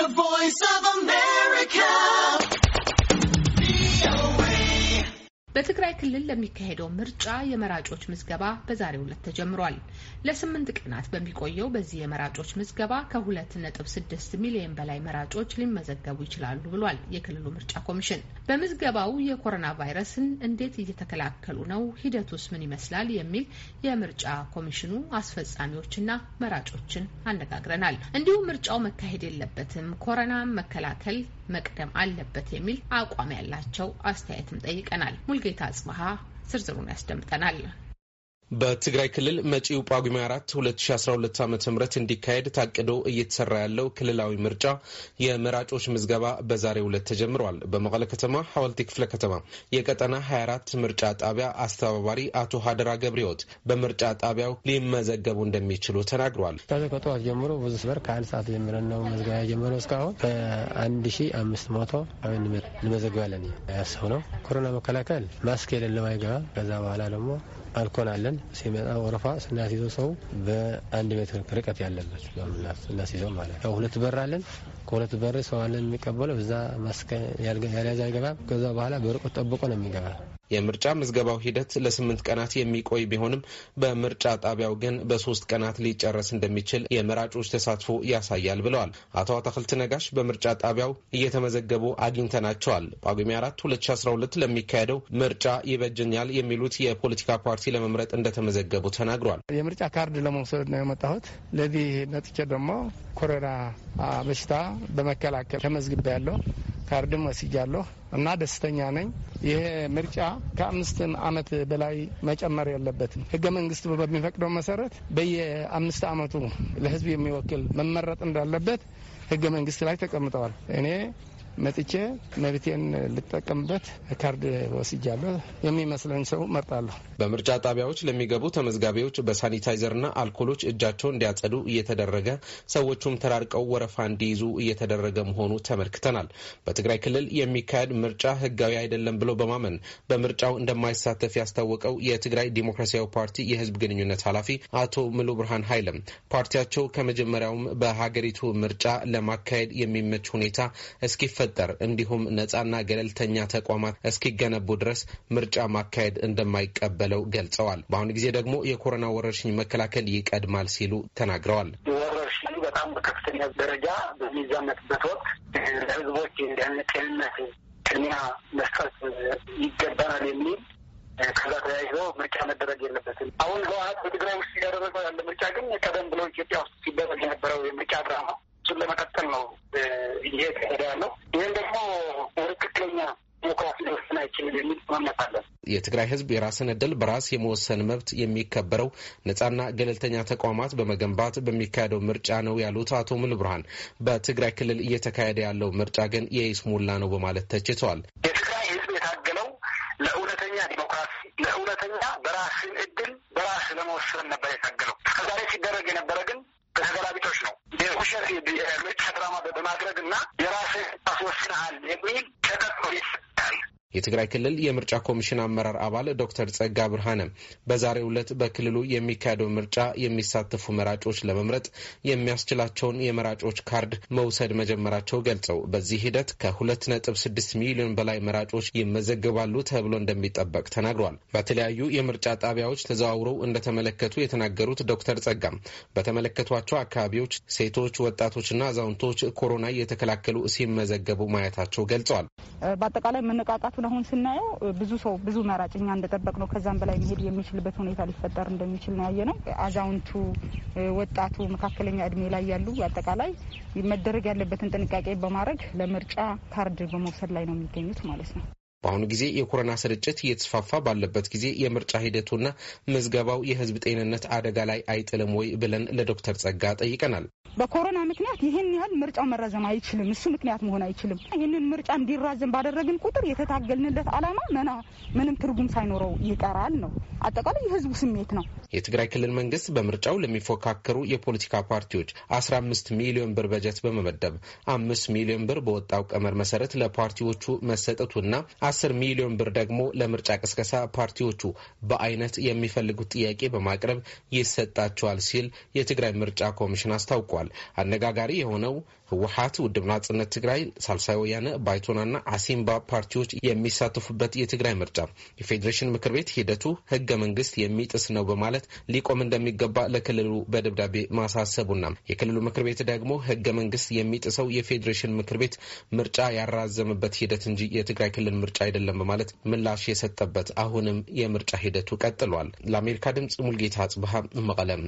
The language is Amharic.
The Voice of America. በትግራይ ክልል ለሚካሄደው ምርጫ የመራጮች ምዝገባ በዛሬው ዕለት ተጀምሯል። ለስምንት ቀናት በሚቆየው በዚህ የመራጮች ምዝገባ ከ2.6 ሚሊዮን በላይ መራጮች ሊመዘገቡ ይችላሉ ብሏል የክልሉ ምርጫ ኮሚሽን። በምዝገባው የኮሮና ቫይረስን እንዴት እየተከላከሉ ነው? ሂደቱስ ምን ይመስላል? የሚል የምርጫ ኮሚሽኑ አስፈጻሚዎችና መራጮችን አነጋግረናል። እንዲሁም ምርጫው መካሄድ የለበትም፣ ኮሮና መከላከል መቅደም አለበት የሚል አቋም ያላቸው አስተያየትም ጠይቀናል። ሙልጌታ ጽብሃ ዝርዝሩን ያስደምጠናል። በትግራይ ክልል መጪው ጳጉሜ አራት 2012 ዓ ም እንዲካሄድ ታቅዶ እየተሰራ ያለው ክልላዊ ምርጫ የመራጮች ምዝገባ በዛሬ ሁለት ተጀምሯል። በመቀለ ከተማ ሐወልቲ ክፍለ ከተማ የቀጠና 24 ምርጫ ጣቢያ አስተባባሪ አቶ ሀደራ ገብረሕይወት በምርጫ ጣቢያው ሊመዘገቡ እንደሚችሉ ተናግሯል። ከዚህ ከጠዋት ጀምሮ ብዙ ስበር ከአንድ ሰዓት ጀምረን ነው መዝገባ ጀምረው እስካሁን ከ1500 እንመዘግባለን ያሰው ነው ኮሮና መከላከል ማስክ የሌለው አይገባ ከዛ በኋላ ደግሞ አልኮል አለን። ሲመጣ ወረፋ ስናስይዘው ሰው በአንድ ሜትር ርቀት ያለበት ስናስይዘው ማለት ያው ሁለት በር አለን። ከሁለት በር ሰው አለን የሚቀበለው እዛ ማስከ ያልያዘ አይገባም። ከዛ በኋላ በርቆት ጠብቆ ነው የሚገባ የምርጫ ምዝገባው ሂደት ለስምንት ቀናት የሚቆይ ቢሆንም በምርጫ ጣቢያው ግን በሶስት ቀናት ሊጨረስ እንደሚችል የመራጮች ተሳትፎ ያሳያል ብለዋል አቶ አታክልት ነጋሽ። በምርጫ ጣቢያው እየተመዘገቡ አግኝተናቸዋል። ጳጉሜ አራት 2012 ለሚካሄደው ምርጫ ይበጅኛል የሚሉት የፖለቲካ ፓርቲ ለመምረጥ እንደተመዘገቡ ተናግሯል። የምርጫ ካርድ ለመውሰድ ነው የመጣሁት። ለዚህ መጥቼ ደግሞ ኮሮና በሽታ በመከላከል ተመዝግቤ ያለው ካርድም ወስጃለሁ እና ደስተኛ ነኝ። ይሄ ምርጫ ከአምስት አመት በላይ መጨመር የለበትም። ህገ መንግስት በሚፈቅደው መሰረት በየአምስት አመቱ ለህዝብ የሚወክል መመረጥ እንዳለበት ህገ መንግስት ላይ ተቀምጠዋል። እኔ መጥቼ መብቴን ልጠቀምበት ካርድ ወስጃለሁ። የሚመስለኝ ሰው መርጣለሁ። በምርጫ ጣቢያዎች ለሚገቡ ተመዝጋቢዎች በሳኒታይዘርና አልኮሎች እጃቸውን እንዲያጸዱ እየተደረገ ሰዎቹም ተራርቀው ወረፋ እንዲይዙ እየተደረገ መሆኑ ተመልክተናል። በትግራይ ክልል የሚካሄድ ምርጫ ህጋዊ አይደለም ብሎ በማመን በምርጫው እንደማይሳተፍ ያስታወቀው የትግራይ ዲሞክራሲያዊ ፓርቲ የህዝብ ግንኙነት ኃላፊ አቶ ምሉ ብርሃን ኃይልም ፓርቲያቸው ከመጀመሪያውም በሀገሪቱ ምርጫ ለማካሄድ የሚመች ሁኔታ እስኪፈ እስኪፈጠር እንዲሁም ነጻና ገለልተኛ ተቋማት እስኪገነቡ ድረስ ምርጫ ማካሄድ እንደማይቀበለው ገልጸዋል። በአሁኑ ጊዜ ደግሞ የኮሮና ወረርሽኝ መከላከል ይቀድማል ሲሉ ተናግረዋል። ወረርሽኙ በጣም በከፍተኛ ደረጃ በሚዛመትበት ወቅት ለህዝቦች ጤንነት ቅድሚያ መስጠት ይገባናል የሚል ከዛ ተያይዞ ምርጫ መደረግ የለበትም። አሁን ህወሀት በትግራይ ውስጥ እያደረገው ያለ ምርጫ ግን ቀደም ብሎ ኢትዮጵያ ውስጥ ሲደረግ የነበረው የምርጫ ድራማ እሱን ለመቀጠል ነው ይሄ ያለው እኛ የትግራይ ህዝብ የራስን እድል በራስ የመወሰን መብት የሚከበረው ነጻና ገለልተኛ ተቋማት በመገንባት በሚካሄደው ምርጫ ነው ያሉት አቶ ምል ብርሃን በትግራይ ክልል እየተካሄደ ያለው ምርጫ ግን የይስሙላ ነው በማለት ተችተዋል። የትግራይ ህዝብ የታገለው ለእውነተኛ ዲሞክራሲ፣ ለእውነተኛ በራስን እድል በራስ ለመወሰን ነበር የታገለው። እስከዛሬ ሲደረግ የነበረ ግን ለሀገራቢቶች ነው የውሸት ምርጫ ድራማ በማድረግ እና የራስህ ታስወስንሃል የሚል ተቀጥሎ የትግራይ ክልል የምርጫ ኮሚሽን አመራር አባል ዶክተር ጸጋ ብርሃነ በዛሬው ዕለት በክልሉ የሚካሄደው ምርጫ የሚሳተፉ መራጮች ለመምረጥ የሚያስችላቸውን የመራጮች ካርድ መውሰድ መጀመራቸው ገልጸው በዚህ ሂደት ከ2.6 ሚሊዮን በላይ መራጮች ይመዘገባሉ ተብሎ እንደሚጠበቅ ተናግሯል። በተለያዩ የምርጫ ጣቢያዎች ተዘዋውረው እንደተመለከቱ የተናገሩት ዶክተር ጸጋም በተመለከቷቸው አካባቢዎች ሴቶች፣ ወጣቶችና አዛውንቶች ኮሮና እየተከላከሉ ሲመዘገቡ ማየታቸው ገልጸዋል። በአጠቃላይ መነቃቃት ሂደቱን አሁን ስናየው ብዙ ሰው ብዙ መራጭ እኛ እንደጠበቅ ነው ከዛም በላይ መሄድ የሚችልበት ሁኔታ ሊፈጠር እንደሚችል ነው ያየ ነው። አዛውንቱ፣ ወጣቱ፣ መካከለኛ እድሜ ላይ ያሉ አጠቃላይ መደረግ ያለበትን ጥንቃቄ በማድረግ ለምርጫ ካርድ በመውሰድ ላይ ነው የሚገኙት ማለት ነው። በአሁኑ ጊዜ የኮሮና ስርጭት እየተስፋፋ ባለበት ጊዜ የምርጫ ሂደቱና ምዝገባው የህዝብ ጤንነት አደጋ ላይ አይጥልም ወይ ብለን ለዶክተር ጸጋ ጠይቀናል። በኮሮና ምክንያት ይህን ያህል ምርጫው መራዘም አይችልም። እሱ ምክንያት መሆን አይችልም። ይህንን ምርጫ እንዲራዘም ባደረግን ቁጥር የተታገልንለት ዓላማ መና ምንም ትርጉም ሳይኖረው ይቀራል ነው አጠቃላይ የህዝቡ ስሜት ነው። የትግራይ ክልል መንግስት በምርጫው ለሚፎካከሩ የፖለቲካ ፓርቲዎች 15 ሚሊዮን ብር በጀት በመመደብ አምስት ሚሊዮን ብር በወጣው ቀመር መሰረት ለፓርቲዎቹ መሰጠቱና 10 ሚሊዮን ብር ደግሞ ለምርጫ ቅስቀሳ ፓርቲዎቹ በአይነት የሚፈልጉት ጥያቄ በማቅረብ ይሰጣቸዋል ሲል የትግራይ ምርጫ ኮሚሽን አስታውቋል። አድርጓል። አነጋጋሪ የሆነው ህወሀት፣ ውድብ ናጽነት ትግራይ፣ ሳልሳይ ወያነ ባይቶናና አሲምባ ፓርቲዎች የሚሳተፉበት የትግራይ ምርጫ የፌዴሬሽን ምክር ቤት ሂደቱ ህገ መንግስት የሚጥስ ነው በማለት ሊቆም እንደሚገባ ለክልሉ በደብዳቤ ማሳሰቡና የክልሉ ምክር ቤት ደግሞ ህገ መንግስት የሚጥሰው የፌዴሬሽን ምክር ቤት ምርጫ ያራዘመበት ሂደት እንጂ የትግራይ ክልል ምርጫ አይደለም በማለት ምላሽ የሰጠበት አሁንም የምርጫ ሂደቱ ቀጥሏል። ለአሜሪካ ድምጽ ሙልጌታ አጽብሃ መቀለም